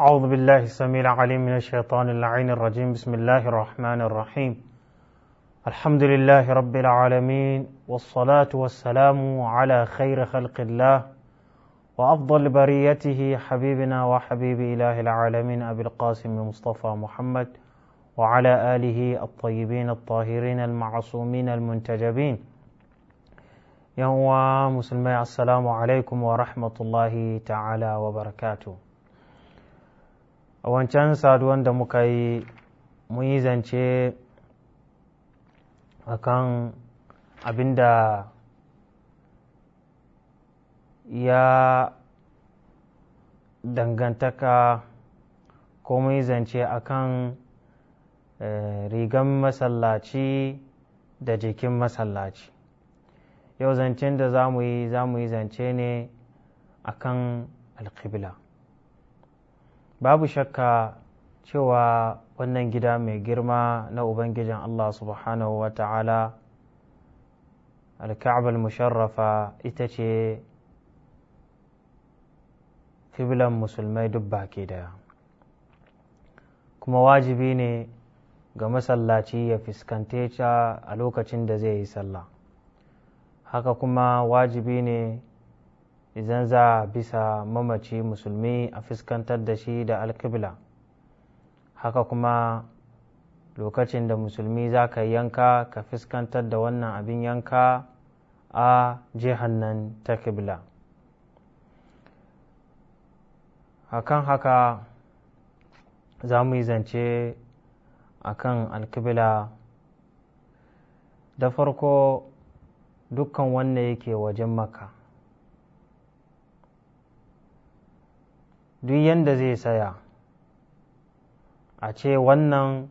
أعوذ بالله السميع العليم من الشيطان اللعين الرجيم بسم الله الرحمن الرحيم الحمد لله رب العالمين والصلاة والسلام على خير خلق الله وأفضل بريته حبيبنا وحبيب إله العالمين أبي القاسم مصطفى محمد وعلى آله الطيبين الطاهرين المعصومين المنتجبين يا مسلمي السلام عليكم ورحمة الله تعالى وبركاته a wancan saduwan da muka yi mun yi zance a kan abin da ya dangantaka ko mun yi zance a kan eh, rigan masallaci da jikin masallaci yau zancen da za mu yi za mu yi zance ne a kan alƙibla babu shakka cewa wannan gida mai girma na ubangijin allah subhanahu wa ta'ala alka'abal musharrafa ita ce kiblan musulmai dubba ke daya kuma wajibi ne ga masallaci ya fuskante ta a lokacin da zai yi sallah haka kuma wajibi ne idan za bisa mamaci musulmi a fuskantar da shi da alkibla haka kuma lokacin da musulmi za ka yanka ka fuskantar da wannan abin yanka a nan ta kibla hakan haka za mu yi zance a kan alkibla da farko dukkan wanda yake wajen maka duk yanda zai saya a ce wannan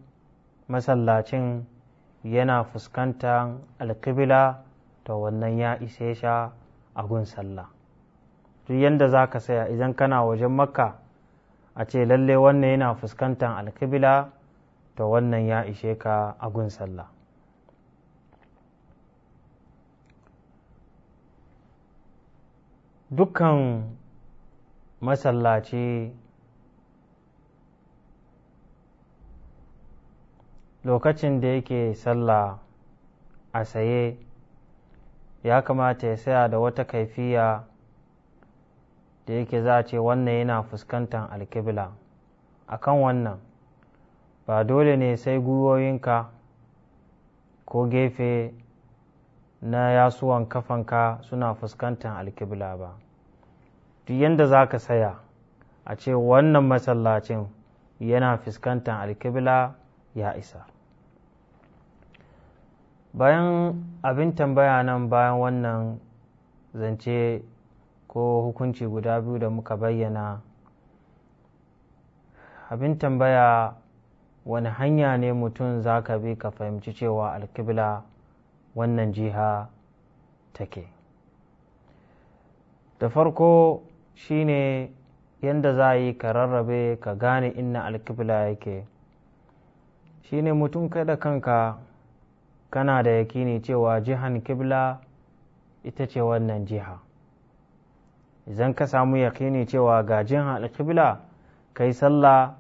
masallacin yana fuskantar alkibila to wannan ya ise sha abun sallah duk yanda za ka saya idan kana wajen makka a ce lalle wannan yana fuskantar alkibila to wannan ya ishe ka agun sallah dukkan masallaci lokacin da yake sallah a saye ya kamata ya saya da wata kaifiya da yake za a ce wannan yana fuskantar alkibla a kan wannan ba dole ne sai gwiwoyinka ko gefe na yasuwan kafanka suna fuskantar alkibla ba duk yadda za ka saya a ce wannan masallacin yana fuskantar alkibla ya isa bayan abin tambaya nan bayan wannan zance ko hukunci guda biyu da muka bayyana abin tambaya wani hanya ne mutum za ka bi ka fahimci cewa alkibla wannan jiha take da farko shine yadda za a yi ka rarrabe ka gane inna alkibla yake shine mutum da kanka kana da yakini cewa jihan kibla ita ce wannan jiha idan ka samu yakini cewa ga jihan alkibla ka yi sallah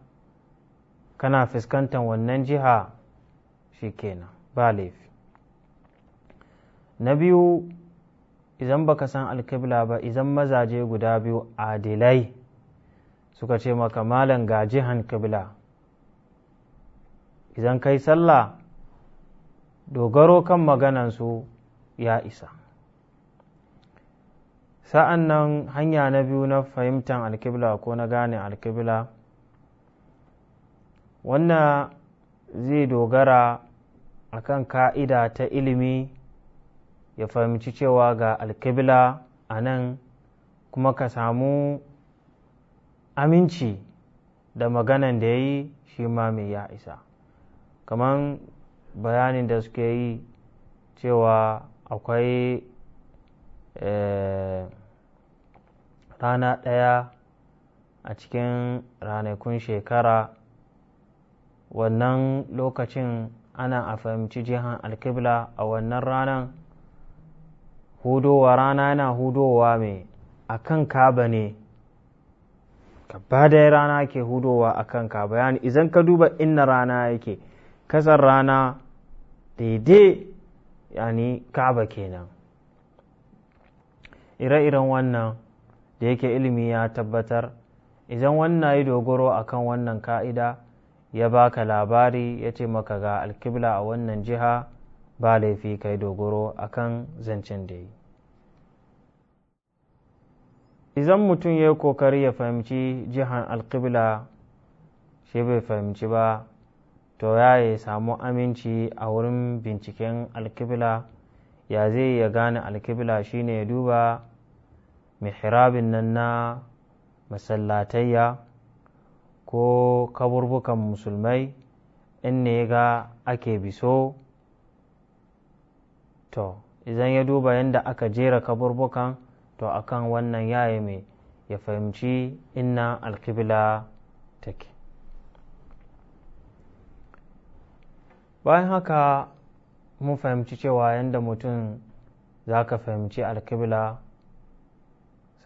kana fuskantar wannan jiha shi kenan ba laifi na biyu idan baka san alkibla ba idan mazaje guda biyu adilai suka ce maka malam ga jihan kibla idan kai sallah dogaro kan maganansu ya isa sa'an nan hanya na biyu na fahimtar alkibla ko na gane alkibla wannan zai dogara akan ka'ida ta ilimi ya fahimci cewa ga alkibla a nan kuma ka samu aminci da maganan da ya yi shi ma mai ya isa kamar bayanin da suke yi cewa akwai eh, rana ɗaya a cikin ranakun shekara wannan lokacin ana a fahimci jihan alkibla a wannan ranar hudowa rana yana hudowa mai a kan kaba ne ba da rana ke hudowa a kan kaba yani idan ka duba inna rana yake kasar rana daidai yani kaba kenan ire-iren wannan da yake ilimi ya tabbatar idan wannan yi dogoro a kan wannan ka'ida ya baka labari ya ce maka ga alkibla a wannan jiha ba laifi kai dogoro kan zancen da yi idan mutum ya yi kokari ya fahimci jihar alkibla shi bai fahimci ba to ya yi samu aminci a wurin binciken alkibla ya zai ya gane shi shine ya duba mihrabin nan na masallatayya ko kaburbukan musulmai in ne ga ake biso to idan ya duba yadda aka jera kaburbukan to akan wannan yayi mai ya fahimci inna alkibla take bayan haka mun fahimci cewa yadda mutum za ka fahimci alkibla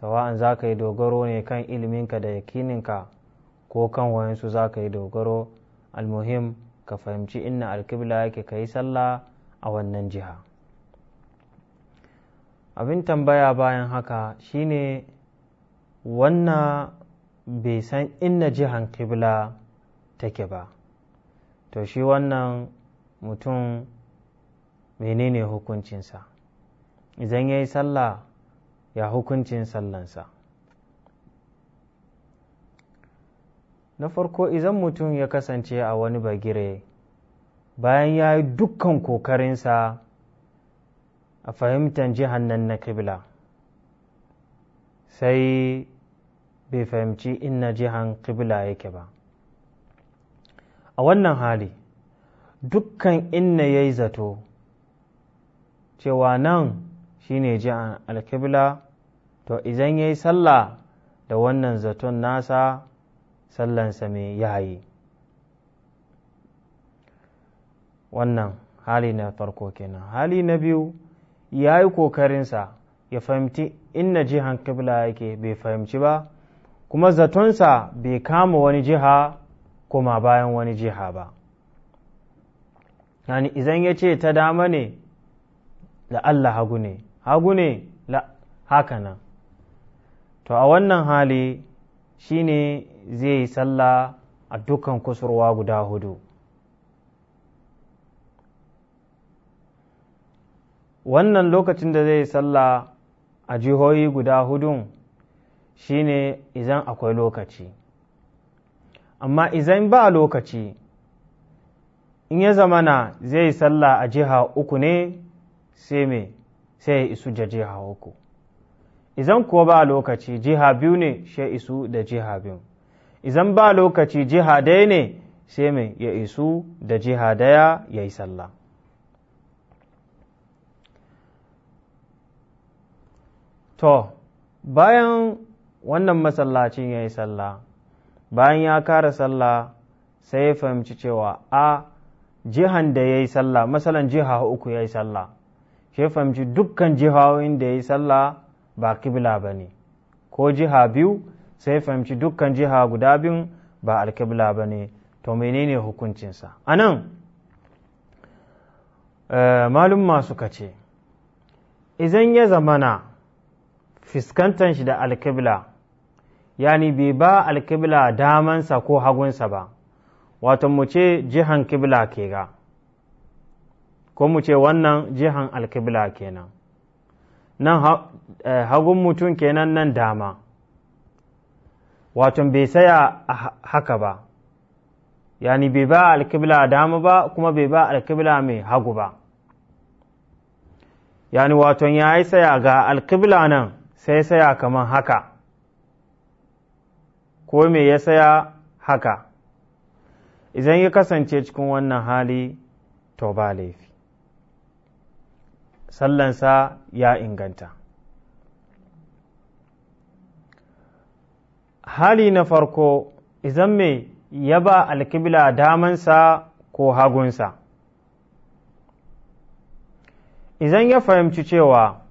sawa'an za ka yi dogaro ne kan iliminka da yakininka ko kan wayansu za ka yi dogaro almuhim ka fahimci inna alkibla yake ka yi sallah a wannan jiha abin tambaya bayan haka shine wannan bai san inna jihan kibla take ba to shi wannan mutum menene hukuncinsa idan ya yi sallah ya hukuncin sallansa na farko idan mutum ya kasance a wani bagire bayan ya yi dukkan kokarinsa a fahimtar jihar nan na kibla sai bai fahimci inna jihan kibla yake ba a wannan hali dukkan inna ya yi zato cewa nan shine jihan alkibla to izan ya yi sallah da wannan zaton nasa sallansa mai yayi wannan hali na farko kenan hali na biyu ya yi ƙoƙarinsa ya fahimci inna jihan kibla yake bai fahimci ba kuma zatonsa bai kama wani jiha kuma bayan wani jiha ba yani izan ya ce ta dama ne la Allah hagu ne hagu ne la haka nan to a wannan hali shine zai yi sallah a dukkan kusurwa guda hudu wannan lokacin da zai sallah a jihohi guda hudun shine izan akwai lokaci amma izan ba lokaci in ya zamana zai sallah a jiha uku ne sai me sai ya isu da jiha uku izan kuwa ba lokaci jiha biyu ne sai isu da jiha biyu izan ba lokaci jiha daya ne sai me ya isu da jiha daya ya yi sallah to bayan wannan masallacin ya yi sallah bayan ya kara sallah sai ya fahimci cewa a jihan da ya yi sallah masalan jiha uku ya yi sallah shi ya fahimci dukkan jihohin da ya yi sallah ba kibla ba ne ko jiha biyu sai ya fahimci dukkan jiha guda biyun ba alkibla ba ne to menene hukuncinsa a nan eh, malumma masu kace izan ya zamana fiskantan shi da alkibla yani bai ba alkibla damansa ko hagunsa ba wato mu ce jihan kibla ke ga ko mu ce wannan jihan alkibla kenan nan eh, hagun mutum kenan nan dama wato bai saya haka ba yani bai ba alkibla dama ba kuma bai ba alkibla mai hagu ba yani wato ya yi saya ga alkibla nan sai saya kaman haka ko me ya saya haka idan ya kasance cikin wannan hali to ba laifi sallansa ya inganta hali na farko izan me ya ba alkibla damansa ko hagunsa izan ya fahimci cewa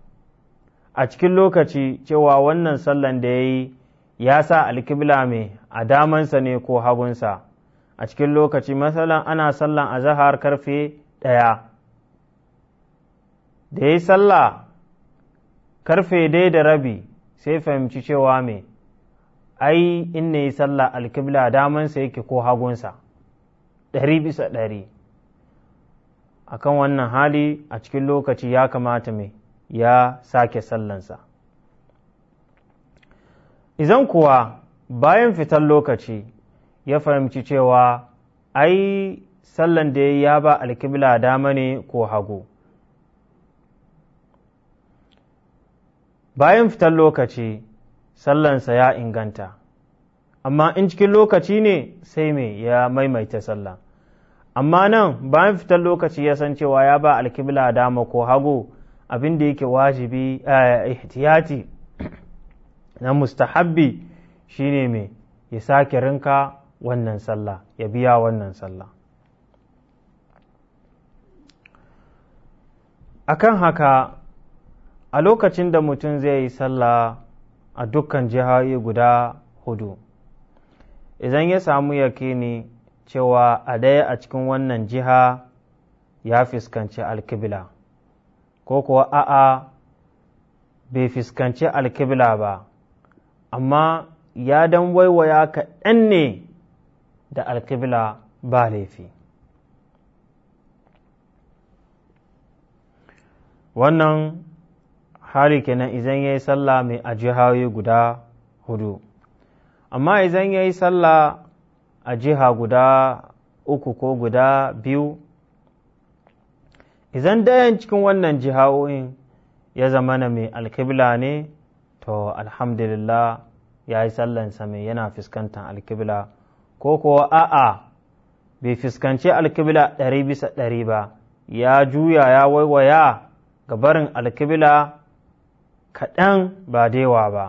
a cikin lokaci cewa wannan sallan da ya yi ya sa alkibla mai a damansa ne ko hagunsa a cikin lokaci matsalan ana sallan a zahar karfe ɗaya da ya yi sallah karfe dai da rabi sai fahimci cewa mai ai in na yi sallah alkibla damansa yake ko hagunsa ɗari bisa ɗari a kan wannan hali a cikin lokaci ya kamata mai ya sake sallansa izan kuwa bayan fitan lokaci ya fahimci cewa ai sallan da ya ba alkibla dama ne ko hagu bayan fitan lokaci sallansa ya inganta amma in cikin lokaci ne sai me ya maimaita sallah amma nan bayan fitar lokaci ya san cewa ya ba alkibla dama ko hagu abin da yake wajibi a eh, ihtiyati na mustahabbi shine mai ya sake rinka wannan sallah ya biya wannan sallah akan haka a lokacin da mutum zai yi sallah a dukkan jihohi guda hudu idan ya samu yakini cewa a ɗaya a cikin wannan jiha ya fuskanci alkibla ko kuwa a'a bai fuskanci alkibla ba amma ya dan waiwaya kaɗan ne da alkibla ba laifi wannan hali kenan izan ya yi sallah mai ajihawi guda hudu amma izan ya yi sallah a jiha guda uku ko guda biyu idan dayan cikin wannan jihawoyin ya zama na mai alkibla ne to alhamdulillah ya yi sallansa mai yana fuskantar alkibla ko kuwa a'a bai fuskanci alkibla ɗari bisa ɗari ba ya juya ya waiwaya ga barin alkibla kaɗan ba dewa ba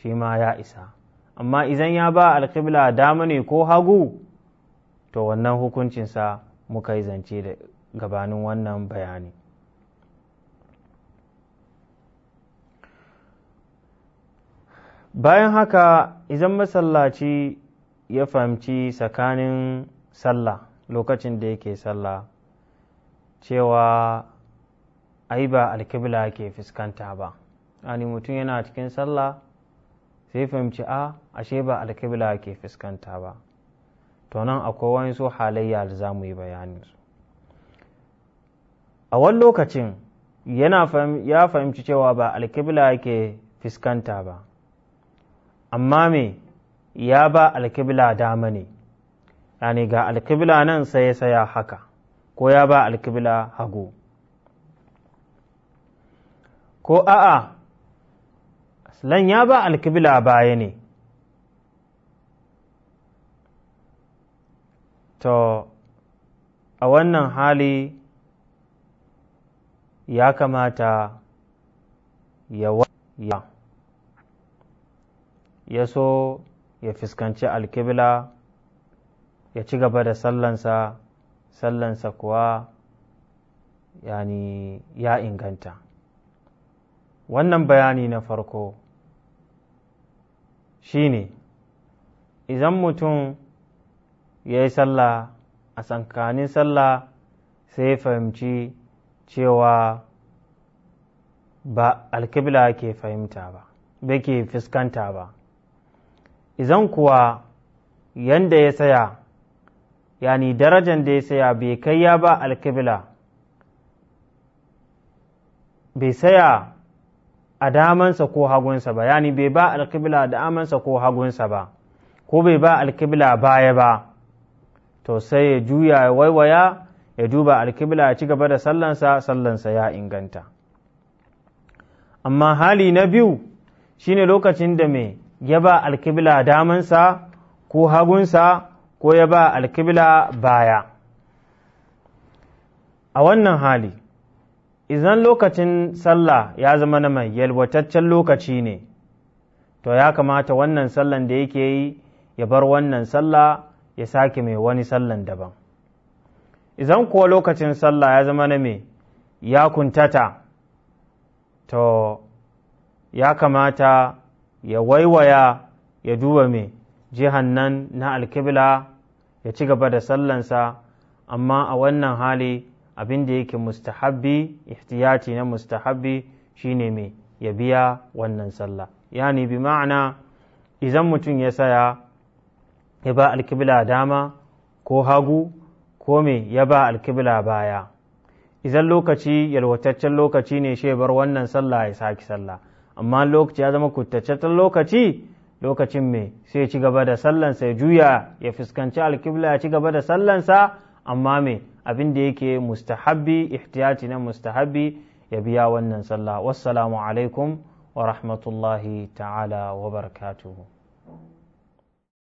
shi ma ya isa amma idan ya ba alkibla dama ne ko hagu to wannan hukuncinsa muka yi zance da gabanin wannan bayani bayan haka idan masallaci ya fahimci tsakanin sallah lokacin da yake sallah cewa ai ba alkibla ke fuskanta ba ani mutum yana cikin sallah sai fahimci a ah, ashe ba alkibla ke fuskanta ba to nan akwai wani su halayya da za mu yi bayanin su a wani lokacin yana ya fahimci cewa ba alkibla yake fiskanta ba amma me ya ba alkibla dama ne yani ga alkibla nan sai ya saya haka ko ya ba alkibla hagu ko a'a aslan ya ba alkibla baya ne to a wannan hali ya kamata ya ya ya so ya fuskanci alkibla ya ci gaba da sallansa sallansa kuwa yani ya inganta wannan bayani na farko shine idan mutum ya yi sallah a tsakanin sallah sai ya fahimci cewa ba alkibla ke fahimta ba ba ke fuskanta ba izan kuwa yanda ya saya yani darajan da ya saya bai kai ya ba alkibla bai saya a damansa ko hagunsa ba yani bai ba alkibla da amansa ko hagunsa ba ko bai ba alkibla baya ba to sai ya juya ya waiwaya ya duba alkibla ya ci gaba da sallansa sallansa ya inganta amma hali na biyu shine lokacin da mai ya ba alkibla damansa ko hagunsa ko ya ba alkibla baya a wannan hali izan lokacin sallah ya zama na mai yalwataccen lokaci ne to ya kamata wannan sallan da yake yi ya bar wannan sallah ya sake mai wani sallan daban idan kuwa lokacin sallah ya zama na me ya kuntata to ya kamata ya waiwaya ya duba me jihan nan na alkibla ya ci gaba da sallansa amma a wannan hali abin da yake mustahabbi ihtiyati na mustahabbi shine me ya biya wannan sallah yani bi ma'ana idan mutum ya saya ya ba alkibla dama ko hagu ko me ya ba alkibla baya idan lokaci yalwataccen lokaci ne shi bar wannan sallah ya saki sallah amma lokaci ya zama kuttaccen lokaci lokacin me sai ci gaba da sallansa ya juya ya fuskanci alkibla ya ci gaba da sallansa amma me abin da yake mustahabbi ihtiyati na mustahabbi ya biya wannan sallah wassalamu alaikum wa rahmatullahi ta'ala wa barakatuhu